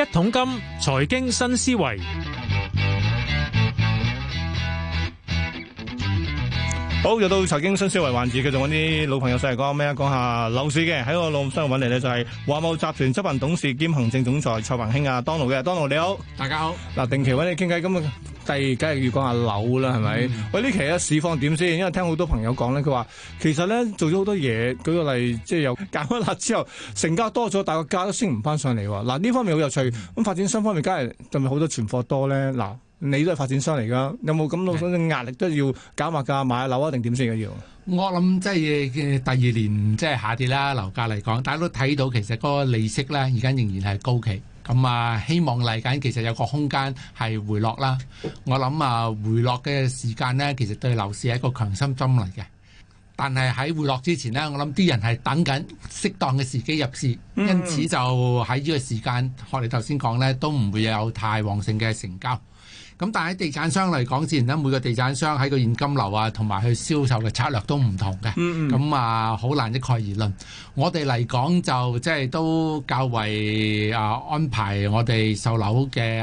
一桶金財經新思維，好，又到財經新思維環節，繼續我啲老朋友，想嚟講咩？講下樓市嘅。喺我錄音室揾嚟咧，就係華懋集團執行董事兼行政總裁蔡宏興啊，當勞嘅。當勞你好，大家好，嗱，定期揾你傾偈，今日。第二，梗係要講下樓啦，係咪？喂、嗯，呢期咧市況點先？因為聽好多朋友講咧，佢話其實咧做咗好多嘢，舉個例，即係有減咗辣之後，成交多咗，但個價都升唔翻上嚟喎。嗱，呢方面好有趣。咁發展商方面，梗係就咪好多存貨多咧。嗱，你都係發展商嚟㗎，有冇感覺到咁嘅壓力都要減下價買樓啊？定點先要？我諗即係第二年即係下跌啦，樓價嚟講，大家都睇到其實個利息咧，而家仍然係高企。咁啊、嗯，希望嚟緊其實有個空間係回落啦。我諗啊，回落嘅時間呢，其實對樓市係一個強心針嚟嘅。但係喺回落之前呢，我諗啲人係等緊適當嘅時機入市，因此就喺呢個時間，學你頭先講呢，都唔會有太旺盛嘅成交。咁但係喺地產商嚟講自然咧，每個地產商喺個現金流啊，同埋佢銷售嘅策略都唔同嘅，咁、嗯嗯、啊好難一概而論。我哋嚟講就即係都較為啊安排我哋售樓嘅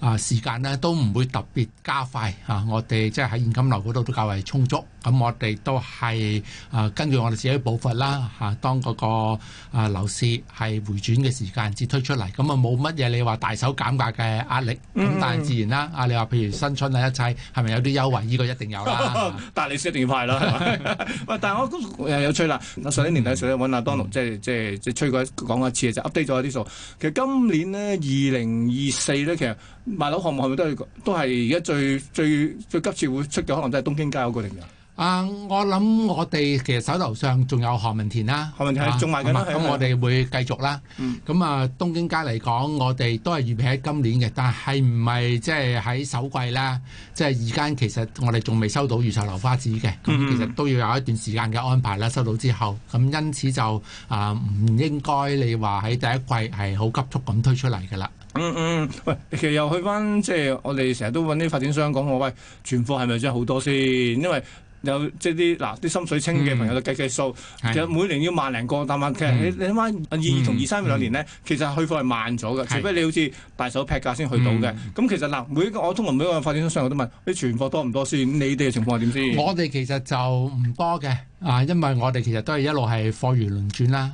啊時間咧，都唔會特別加快嚇、啊。我哋即係喺現金流嗰度都較為充足。咁我哋都係啊，嗯嗯、根據我哋自己嘅步伐啦嚇。當嗰個啊樓市係回轉嘅時間，至推出嚟。咁啊冇乜嘢，你話大手減價嘅壓力咁，但係自然啦。啊，你話譬如新春啊一切，係咪有啲優惠？呢、這個一定有啦。 但係你一定要派啦。喂， 但係我誒有吹啦。我上年年底上咧揾阿當樂、嗯，即係即係即係吹過講一次就是、update 咗啲數。其實今年呢，二零二四咧，其實賣樓項目係咪都係都係而家最最最急切會出嘅，可能都係東京街嗰個定㗎？啊，uh, 我諗我哋其實手頭上仲有何文田啦，何文田仲賣緊，咁我哋會繼續啦。咁、嗯、啊，東京街嚟講，我哋都係預備喺今年嘅，但係唔係即係喺首季啦。即係而家其實我哋仲未收到預售樓花紙嘅，咁其實都要有一段時間嘅安排啦。收到之後，咁因此就啊，唔、呃、應該你話喺第一季係好急速咁推出嚟噶啦。嗯嗯，喂，其實又去翻即係我哋成日都搵啲發展商講，我喂存貨係咪真係好多先？因為有即係啲嗱啲心水清嘅朋友都計計數，嗯、其實每年要萬零個，但問題你你睇二二同二三兩年呢，嗯嗯、其實去貨係慢咗嘅，除非你好似大手劈價先去到嘅。咁、嗯嗯嗯、其實嗱、啊，每一個我通常每一個發展商我都問，你、欸，全貨多唔多先？你哋嘅情況係點先？我哋其實就唔多嘅，啊，因為我哋其實都係一路係貨如輪轉啦。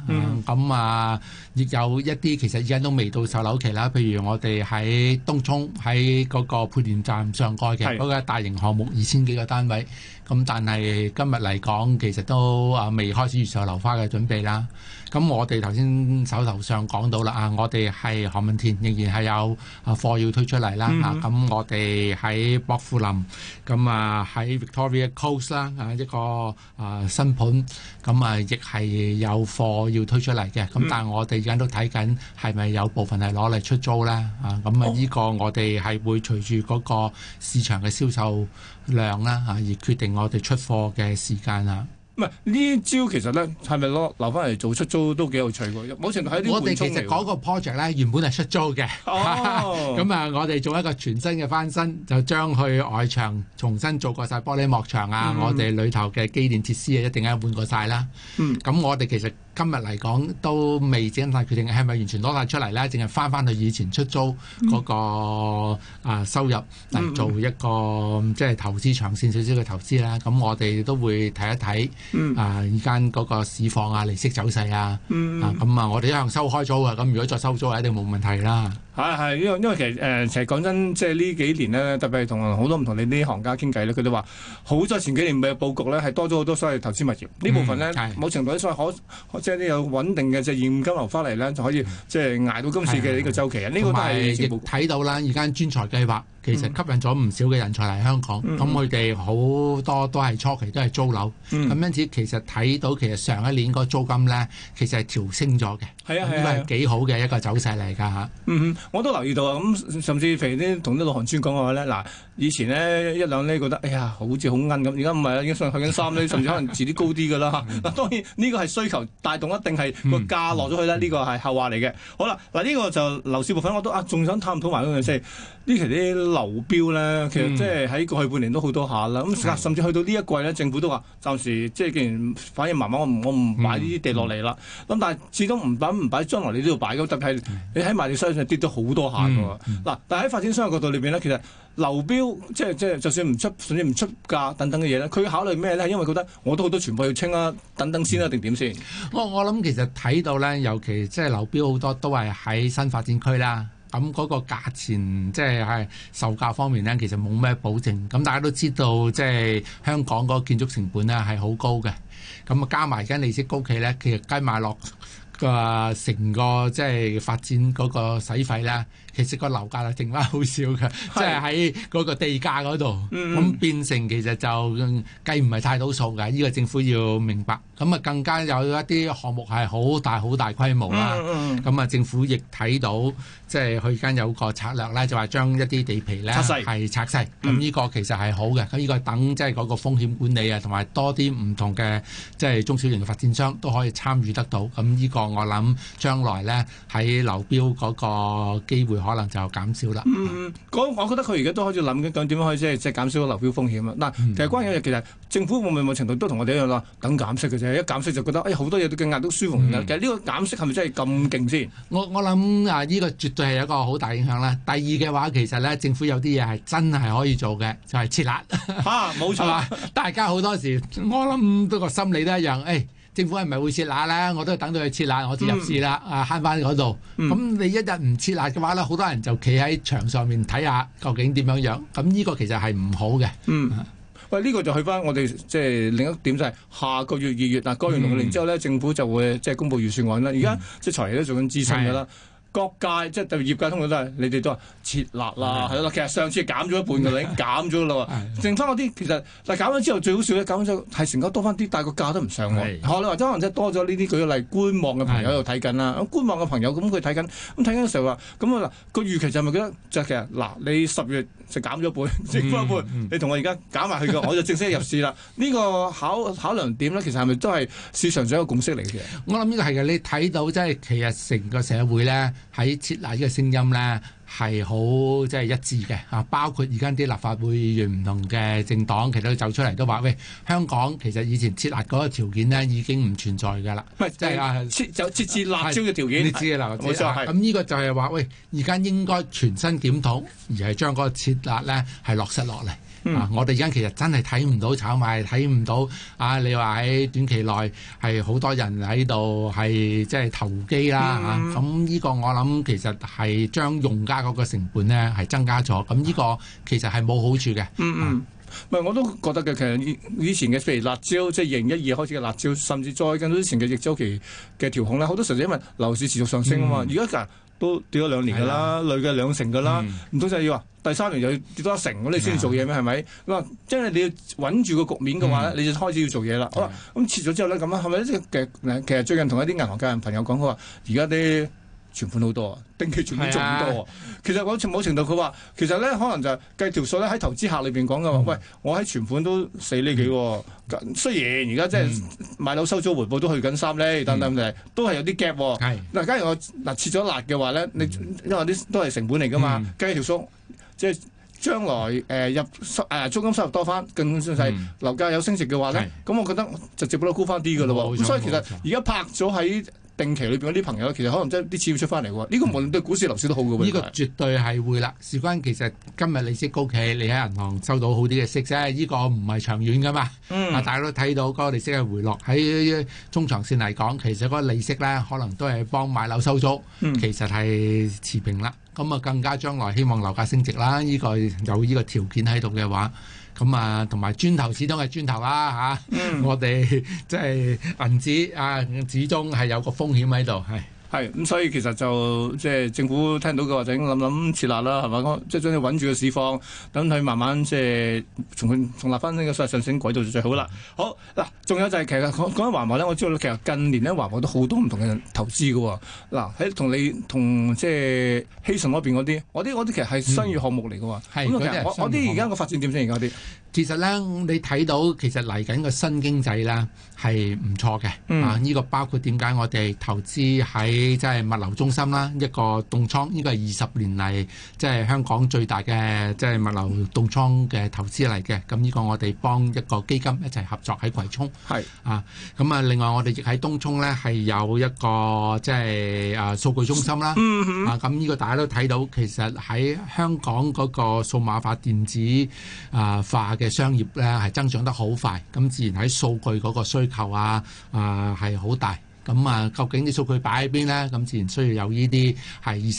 咁啊，亦、嗯嗯啊、有一啲其實而家都未到售樓期啦。譬如我哋喺東涌喺嗰個配電站上蓋嘅嗰個大型項目，二千幾個單位。咁但係今日嚟講，其實都啊未開始預售樓花嘅準備啦。咁我哋頭先手頭上講到啦啊，我哋係何文田仍然係有啊貨要推出嚟啦嚇。咁我哋喺薄扶林，咁啊喺 Victoria Coast 啦啊一個啊新盤，咁啊亦係有貨要推出嚟嘅。咁但係我哋而家都睇緊係咪有部分係攞嚟出租咧啊。咁啊呢、啊哦、個我哋係會隨住嗰個市場嘅銷售量啦啊而決定我哋出貨嘅時間啊。呢招其實咧，係咪攞留翻嚟做出租，都幾有趣喎、oh. 嗯！我哋其實嗰個 project 咧，原本係出租嘅，咁啊我哋做一個全新嘅翻新，就將去外牆重新做過晒玻璃幕牆啊！Mm hmm. 我哋裏頭嘅機電設施啊一定係換過晒啦。咁、mm hmm. 嗯、我哋其實。今日嚟講都未整晒決定，係咪完全攞晒出嚟咧？淨係翻翻去以前出租嗰個啊收入嚟、嗯、做一個、嗯、即係投資長線少少嘅投資啦。咁我哋都會睇一睇、嗯、啊，而家嗰個市況啊、利息走勢啊，咁、嗯、啊，我哋一向收開租啊，咁如果再收租一定冇問題啦。係係，因為、啊、因為其實誒、呃，其實講真，即係呢幾年咧，特別係同好多唔同你呢行家傾偈咧，佢都話好咗。多前幾年咪佈局咧，係多咗好多所謂投資物業呢、嗯、部分咧，嗯、某程度上所謂,可即係啲有穩定嘅即係現金流翻嚟咧，就可以、嗯、即係捱到今次嘅呢個週期啊！呢的個都係亦睇到啦，而家專才計劃。其實吸引咗唔少嘅人才嚟香港，咁佢哋好多都係初期都係租樓，咁、嗯、因此其實睇到其實上一年個租金咧，其實係調升咗嘅，係啊，呢個係幾好嘅一個走勢嚟㗎嚇。我都留意到啊，咁甚至肥啲同啲老行尊講話咧，嗱，以前呢一兩呎覺得，哎呀，好似好奀咁，而家唔係已經上去緊三呎，甚至可能住啲高啲㗎啦嚇。 當然呢個係需求帶動，一定係個價落咗去啦，呢個係後話嚟嘅。好啦，嗱、這、呢個就樓市部分我都啊，仲想探討埋嗰樣先。呢、就是、期啲。流標咧，其實即係喺過去半年都好多下啦。咁甚至去到呢一季咧，政府都話暫時即係既然反應麻麻，我唔我唔擺呢啲地落嚟啦。咁、嗯嗯、但係始終唔擺唔擺，將來你都要擺。咁特別係你喺賣地商上跌咗好多下嘅喎。嗱、嗯，嗯、但係喺發展商業角度裏邊咧，其實流標即係即係就算唔出甚至唔出價等等嘅嘢咧，佢考慮咩咧？因為覺得我都好多全部要清啊，等等先啊，定點先？我我諗其實睇到咧，尤其即係流標好多都係喺新發展區啦。咁嗰個價錢即係喺售價方面咧，其實冇咩保證。咁大家都知道，即係香港嗰建築成本咧係好高嘅。咁啊加埋而家利息高企咧，其實加埋落、呃、個成個即係發展嗰個使費咧。其實個樓價係剩翻好少嘅，是即係喺嗰個地價嗰度，咁、嗯、變成其實就計唔係太到數嘅。呢、呢個政府要明白，咁啊更加有一啲項目係好大好大規模啦。咁啊、嗯、政府亦睇到，即係佢而家有個策略咧，就話將一啲地皮咧係世拆細。咁呢、嗯、個其實係好嘅。咁呢個等即係嗰個風險管理啊，同埋多啲唔同嘅即係中小型發展商都可以參與得到。咁呢個我諗將來咧喺樓標嗰個機會，可能就減少啦。嗯，我我覺得佢而家都開始諗緊，咁點樣可以即係即係減少流標風險啊？嗱，其實關鍵其實政府會唔會某程度都同我哋一樣囉，等減息嘅啫？一減息就覺得誒好、哎、多嘢都嘅壓力都舒服。嗯、其實呢個減息係咪真係咁勁先？我我諗啊，呢個絕對係一個好大影響啦。第二嘅話，其實咧政府有啲嘢係真係可以做嘅，就係撤辣，冇、 啊、錯， 大家好多時我諗都個心理都一樣，誒、哎。政府係咪會撤辣咧？我都等到佢撤辣，我先入市啦。啊，慳翻嗰度。咁你一日唔撤辣嘅話咧，好多人就企喺牆上面睇下究竟點樣樣。咁呢個其實係唔好嘅。嗯，喂，呢個就去翻我哋即係另一點就係下個月二月嗱，過完六年之後咧，嗯、政府就會即係、就是、公布預算案啦。而家、嗯、即係財爺都做緊諮詢噶啦。各界即係特別業界通，通常都係你哋都話撤辣啦，係咯的。其實上次減咗一半嘅，的你已經減咗啦喎，的剩翻嗰啲其實嗱減咗之後，最好笑嘅減咗，係成交多翻啲，但係個價都唔上落。嚇你話咗可能即係多咗呢啲，舉例觀望嘅朋友又睇緊啦。咁觀望嘅朋友咁佢睇緊，咁睇緊嘅時候話咁啊嗱，個預期就係咪覺得即係其實嗱，你十月就減咗半，嗯、 剩翻半，你同我而家減埋去嘅，我就正式入市啦。呢 個考考量點咧，其實係咪都係市場上一個共識嚟嘅？我諗呢個係嘅，你睇到即係其實成個社會咧。 喺撤辣呢個聲音咧係好即係一致嘅嚇，包括而家啲立法會議員唔同嘅政黨，其實佢走出嚟都話喂，香港其實以前撤辣嗰個條件咧已經唔存在㗎啦，唔係即係啊設就設置辣招嘅條件，你知嘅啦，冇錯咁呢個就係話喂，而家應該全面檢討，而係將嗰個撤辣咧係落實落嚟。嗯、啊！我哋而家其實真係睇唔到炒賣，睇唔到啊！你話喺短期內係好多人喺度係即係投機啦嚇。咁呢、嗯啊、個我諗其實係將用家嗰個成本呢係增加咗。咁呢個其實係冇好處嘅。嗯嗯，唔係我都覺得嘅。其實以前嘅譬如辣招，即係二零一二開始嘅辣招，甚至再跟到之前嘅逆周期嘅調控咧，好多時因為樓市持續上升啊嘛。如果都跌咗兩年噶啦，的累嘅兩成噶啦，唔通就要話第三年又要跌多一成咁你先做嘢咩？係咪的？咁啊，即係你要穩住個局面嘅話，嗯、你就開始要做嘢啦。對好啦，咁、嗯、切咗之後咧，咁啊係咪？即係其實其實最近同一啲銀行界嘅朋友講，佢話而家啲。存款好多啊，定期存款仲多啊。其實講某程度，佢話其實咧，可能就計條數咧，喺投資客裏邊講嘅話，喂，我喺存款都四厘幾喎。雖然而家即係買樓收租回報都去緊三厘，等等嘅都係有啲夾。嗱，假如我嗱撤咗辣嘅話咧，你因為啲都係成本嚟㗎嘛，計條數，即係將來誒入誒租金收入多翻，更詳細樓價有升值嘅話咧，咁我覺得就直接都高翻啲㗎咯。所以其實而家拍咗喺。定期裏邊嗰啲朋友，其實可能真係啲錢要出翻嚟喎。呢、嗯、個無論對股市樓市都好嘅。呢個絕對係會啦。事關其實今日利息高企，你喺銀行收到好啲嘅息啫。呢、呢個唔係長遠噶嘛。啊、嗯，大家都睇到嗰個利息嘅回落。喺中長線嚟講，其實嗰個利息咧可能都係幫買樓收租。嗯、其實係持平啦。咁啊，更加將來希望樓價升值啦。呢、呢個有呢個條件喺度嘅話。咁啊，同埋磚頭始終係磚頭啦嚇，我哋即係銀紙啊，始終係有個風險喺度係。係，咁、嗯、所以其實就即係、就是、政府聽到嘅話就咁諗諗撤辣啦，係咪？即係將你穩住個市況，等佢慢慢即係重建重立翻呢個上上昇軌道就最好啦。好嗱，仲有就係、是、其實講講起華懋咧，我知道其實近年咧華懋都好多唔同嘅投資嘅喎。嗱喺同你同即係希慎嗰邊嗰啲，我啲我啲其實係商業項目嚟嘅喎。嗯、我我啲而家個發展點先而家啲？其實咧，你睇到其實嚟緊個新經濟咧係唔錯嘅啊！呢、呢個包括點解我哋投資，喺即係物流中心啦，一個凍倉呢個係二十年嚟即係香港最大嘅即係物流凍倉嘅投資嚟嘅。咁呢個我哋幫一個基金一齊合作喺葵涌，係是啊。咁啊，另外我哋亦喺東涌咧係有一個即係、就是、啊數據中心啦、嗯、哼啊。咁呢個大家都睇到，其實喺香港個數碼化電子啊化嘅。商業咧係增長得好快，咁自然喺數據個需求啊，啊係好大。咁啊、嗯，究竟啲數據擺喺邊咧？咁自然需要有呢啲係二十一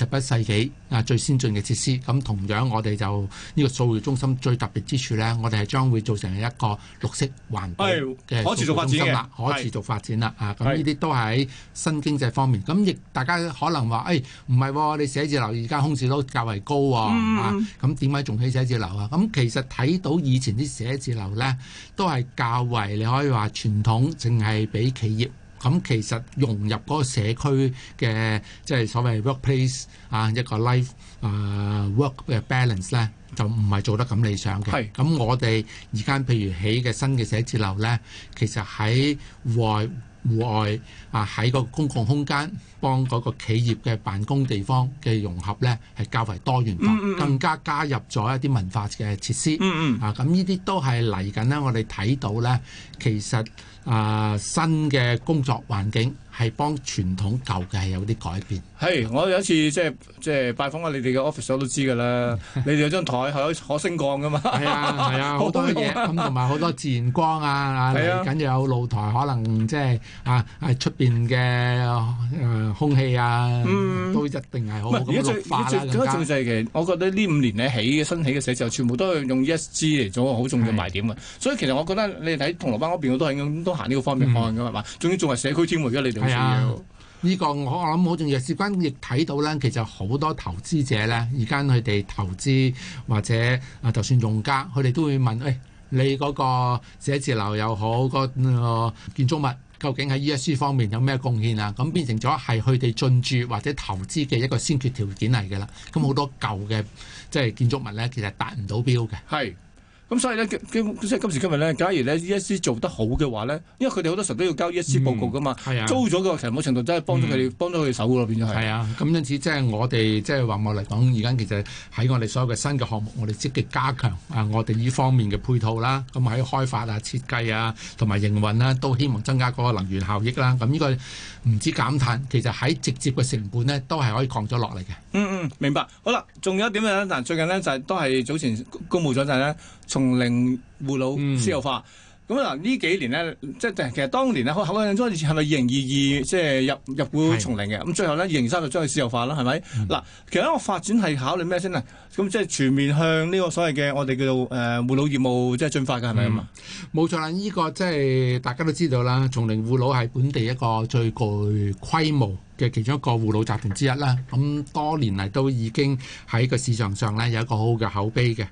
世紀啊最先進嘅設施。咁同樣我，我哋就呢個數據中心最特別之處咧，我哋係將會做成一個綠色環保嘅數據中心啦、哎，可持續發展啦。啊，咁呢啲都喺新經濟方面。咁亦大家可能話，誒唔係你寫字樓而家空置都較為高、哦嗯、啊，咁點解仲起寫字樓啊？咁其實睇到以前啲寫字樓咧，都係較為你可以話傳統，淨係俾企業。咁其實融入嗰個社區嘅即係所謂 workplace 啊一個 life 啊、呃、work 嘅 balance 咧，就唔係做得咁理想嘅。咁是我哋而家譬如起嘅新嘅寫字樓咧，其實喺戶外、戶外啊喺個公共空間幫嗰個企業嘅辦公地方嘅融合咧，係較為多元化，嗯嗯嗯更加加入咗一啲文化嘅設施。嗯嗯啊，咁呢啲都係嚟緊咧。我哋睇到咧，其實。啊，新嘅工作環境。係幫傳統舊界有啲改變。係，我有一次即係即係拜訪咗你哋嘅 office，我都知㗎啦。你哋有張台係可升降㗎嘛？係啊係啊，好多嘢咁同埋好多自然光啊！係緊要有露台，可能即係啊出邊嘅空氣啊，都一定係好。咁啊最最最最奇，我覺得呢五年咧起新起嘅寫字樓，全部都係用 ESG 嚟做好重要賣點啊。所以其實我覺得你哋喺銅鑼灣嗰邊，我都係咁都行呢個方面方向㗎嘛。仲要仲係社區添喎，而家你哋。係啊，呢 Yeah, Yeah. 個我我諗好重要。事關亦睇到咧。其實好多投資者咧，而家佢哋投資或者啊，就算用家，佢哋都會問誒、哎，你嗰個寫字樓又好，嗰個建築物究竟喺 E S C 方面有咩貢獻啊？咁變成咗係佢哋進駐或者投資嘅一個先決條件嚟嘅啦。咁好多舊嘅即係建築物咧，其實達唔到標嘅。係。咁、嗯、所以咧，即係今時今日咧，假如咧 E S C 做得好嘅話咧，因為佢哋好多時候都要交 E S C 報告噶嘛，嗯啊、租咗嘅其實某程度真係幫咗佢哋，嗯、幫咗佢哋手咯變咗係。係啊，咁因此即係我哋即係話我嚟講，而家其實喺我哋所有嘅新嘅項目，我哋積極加強啊，我哋呢方面嘅配套啦，咁、嗯、喺開發啊、設計啊、同埋營運啦、啊，都希望增加嗰個能源效益啦。咁、嗯、依、嗯嗯這個唔止減碳，其實喺直接嘅成本咧，都係可以降咗落嚟嘅。嗯嗯，明白。好啦，仲有一點咧，嗱，最近呢，就係、是、都係早前公布咗、就是，就係咧，松齡護老私有化。嗯咁嗱，呢幾年呢，即係其實當年呢，開口香煙開始係咪二零二二即係入入股松寧嘅？咁是的 最後呢，二零二三就將佢私有化啦，係咪？嗱，其實一個發展係考慮咩先呢？咁即係全面向呢個所謂嘅我哋叫做誒護老業務即係進發嘅，係咪啊？冇錯啦！呢個即係大家都知道啦，松寧護老係本地一個最具規模嘅其中一個護老集團之一啦。咁多年嚟都已經喺個市場上呢，有一個好好嘅口碑嘅。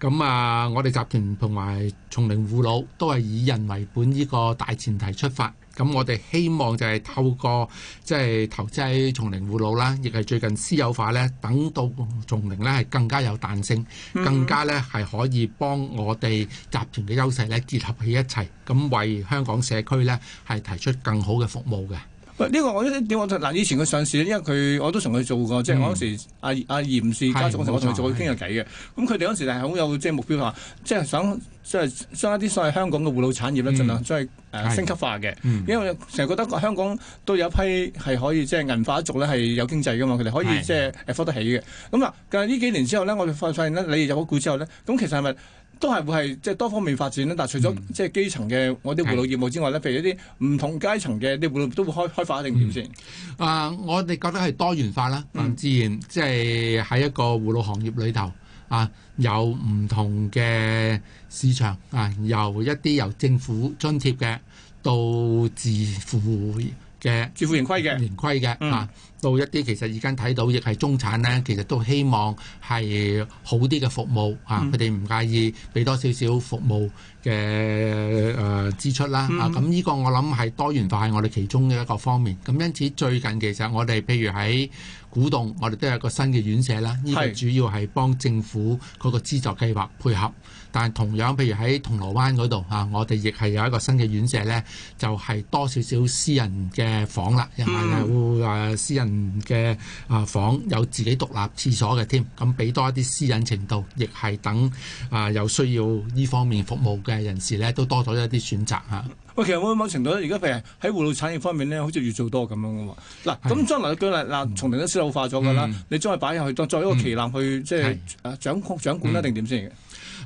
咁啊、嗯，我哋集團同埋松齡護老都係以人為本呢個大前提出發。咁我哋希望就係透過即係、就是、投資喺松齡護老啦，亦係最近私有化咧，等到松齡咧係更加有彈性，更加咧係可以幫我哋集團嘅優勢咧結合一起一齊，咁為香港社區咧係提出更好嘅服務嘅。呢個我咧點講嗱，以前佢上市，因為佢我都同佢做過，即係嗰時阿阿嚴氏家族我同佢傾過偈嘅。咁佢哋嗰時係好有即係目標，話即係想即係將一啲所謂香港嘅護老產業咧，儘量即係誒升級化嘅。因為成日覺得香港都有一批係可以即係銀髮一族咧係有經濟噶嘛，佢哋可以即係誒付得起嘅。咁嗱，但係呢幾年之後咧，我哋發發現咧，你入嗰股之後咧，咁其實係咪？都係會係即係多方面發展啦，但係除咗即係基層嘅我啲護老業務之外咧，譬、嗯、如一啲唔同階層嘅啲護老都會開開發定點先。啊，我哋覺得係多元化啦，自然即係喺一個護老行業裏頭啊，有唔同嘅市場啊，由一啲由政府津貼嘅到自負嘅自負盈虧嘅盈虧嘅啊。嗯到一啲其實而家睇到亦係中產呢，其實都希望係好啲嘅服務啊！佢哋唔介意俾多少少服務嘅誒、呃、支出啦，咁呢個我諗係多元化，係我哋其中嘅一個方面。咁因此最近其實我哋譬如喺古洞，我哋都有一個新嘅院舍啦。呢個主要係幫政府嗰個資助計劃配合，但係同樣譬如喺銅鑼灣嗰度啊，我哋亦係有一個新嘅院舍呢，就係、是、多少少私人嘅房啦，又、啊、話、嗯呃、私人嘅啊房有自己獨立廁所嘅添，咁俾多一啲私隱程度，亦係等啊、呃、有需要呢方面服務嘅人士呢都多咗一啲選擇嚇，喂，其實我某程度咧，而家譬如喺護老產業方面呢，好似越做多咁樣嘅喎？嗱、啊，咁將來嘅舉例，嗱的，從零都私有化咗嘅啦，嗯、你將佢擺入去，作作為一個旗艦去，即係掌控掌管啊，定點先？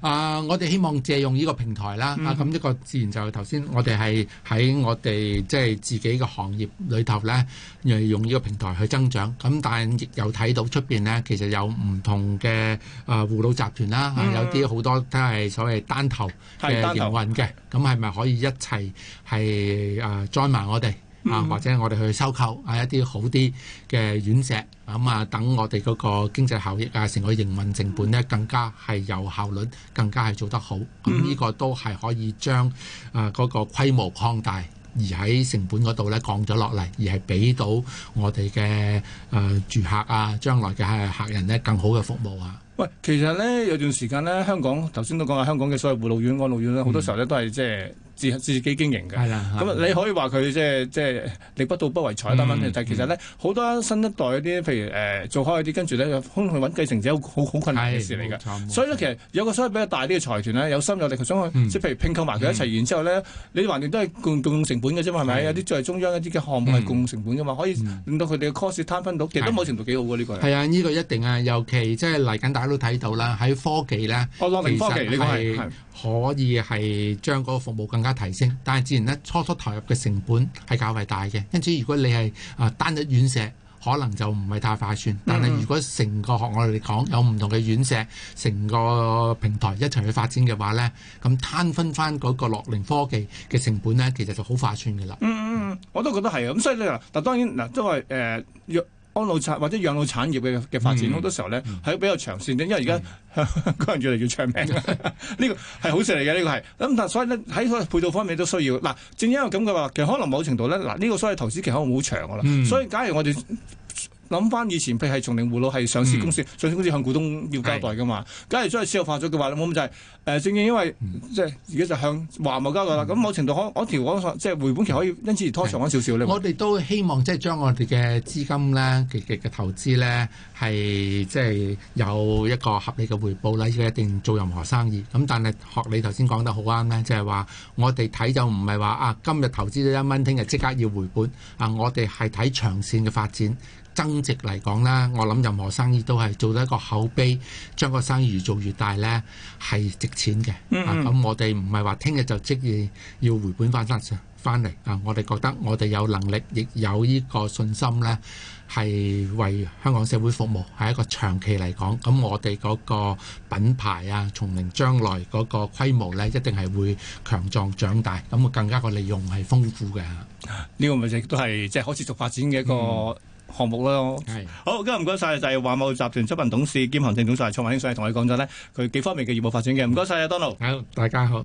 啊！Uh, 我哋希望借用呢個平台啦，嗯、啊咁呢、這個自然就係頭先我哋係喺我哋即係自己嘅行業裏頭咧，用用呢個平台去增長。咁但亦有睇到出邊咧，其實有唔同嘅、呃嗯、啊護老集團啦，有啲好多都係所謂單頭嘅營運嘅。咁係咪可以一齊係啊 join 埋我哋？啊，或者我哋去收購啊一啲好啲嘅院舍，咁啊等我哋嗰個經濟效益啊，成個營運成本咧更加係有效率，更加係做得好。咁、啊、呢、這個都係可以將啊嗰、那個規模擴大，而喺成本嗰度咧降咗落嚟，而係俾到我哋嘅誒住客啊，將來嘅客人咧更好嘅服務啊。喂，其實咧有段時間咧，香港頭先都講下香港嘅所謂護老院、安老院咧，好多時候咧都係即係。嗯自自己經營嘅，咁你可以話佢即係即係力不到不為財，但問題，就係其實咧好多新一代嗰啲，譬如誒做開嗰啲，跟住咧又去揾繼承者，好好困難嘅事嚟㗎。所以咧，其實有個所謂比較大啲嘅財團咧，有心有力，佢想去即係譬如拼購埋佢一齊，然之後呢，你橫掂都係共共用成本嘅啫嘛，係咪？有啲作為中央一啲嘅項目係共用成本嘅嘛，可以令到佢哋嘅 cost 攤分到，其實都冇程度幾好喎呢個。係啊，呢個一定啊，尤其即係嚟緊，大家都睇到啦，喺科技科技呢實係可以係將嗰個服務更。加提升，但係自然咧，初初投入嘅成本係較為大嘅。因此，如果你係啊、呃、單一院舍，可能就唔係太劃算。但係如果成個學、嗯、我哋講有唔同嘅院舍，成個平台一齊去發展嘅話咧，咁攤分翻嗰個樂齡科技嘅成本咧，其實就好劃算嘅啦。嗯嗯，我都覺得係啊。咁所以咧，但當然嗱，都係誒安老產或者養老產業嘅嘅發展，好、嗯、多時候咧係比較長線嘅，因為而家嗰人越嚟越長命，呢 個係好事嚟嘅，呢個係。咁、嗯、但係所以咧，喺個配套方面都需要。嗱，正因為咁嘅話，其實可能某程度咧，嗱呢、這個所謂投資期可能好長噶啦。嗯、所以假如我哋，嗯諗翻以前，譬如係重令戶佬係上市公司，嗯、上市公司向股東要交代噶嘛。假如真係私有化咗嘅話，咁就係誒。正正因為即係而家就向華懋交代啦。咁、嗯、某程度可可條可即係回本期可以因此而拖長咗少少咧。是你嗎我哋都希望即係將我哋嘅資金咧嘅嘅投資咧係即係有一個合理嘅回報啦。而家一定做任何生意咁，但係學你頭先講得好啱咧，即係話我哋睇就唔係話啊，今日投資咗一蚊，聽日即刻要回本啊。我哋係睇長線嘅發展。增值嚟講咧，我諗任何生意都係做到一個口碑，將個生意越做越大呢係值錢嘅。咁、mm hmm. 啊、我哋唔係話聽日就即係要回本翻身翻嚟啊！我哋覺得我哋有能力，亦有呢個信心呢係為香港社會服務，係一個長期嚟講。咁我哋嗰個品牌啊，從零將來嗰個規模呢，一定係會強壯長大，咁啊更加個利用係豐富嘅。呢、啊這個咪亦都係即係可持續發展嘅一個、嗯。項目咯。是好今日唔該晒就係、是、華茂集團執行董事兼行政總裁蔡宏興。所以同你講咗咧佢幾方面嘅業務發展嘅，唔該晒，阿、嗯、Donald。好，大家好。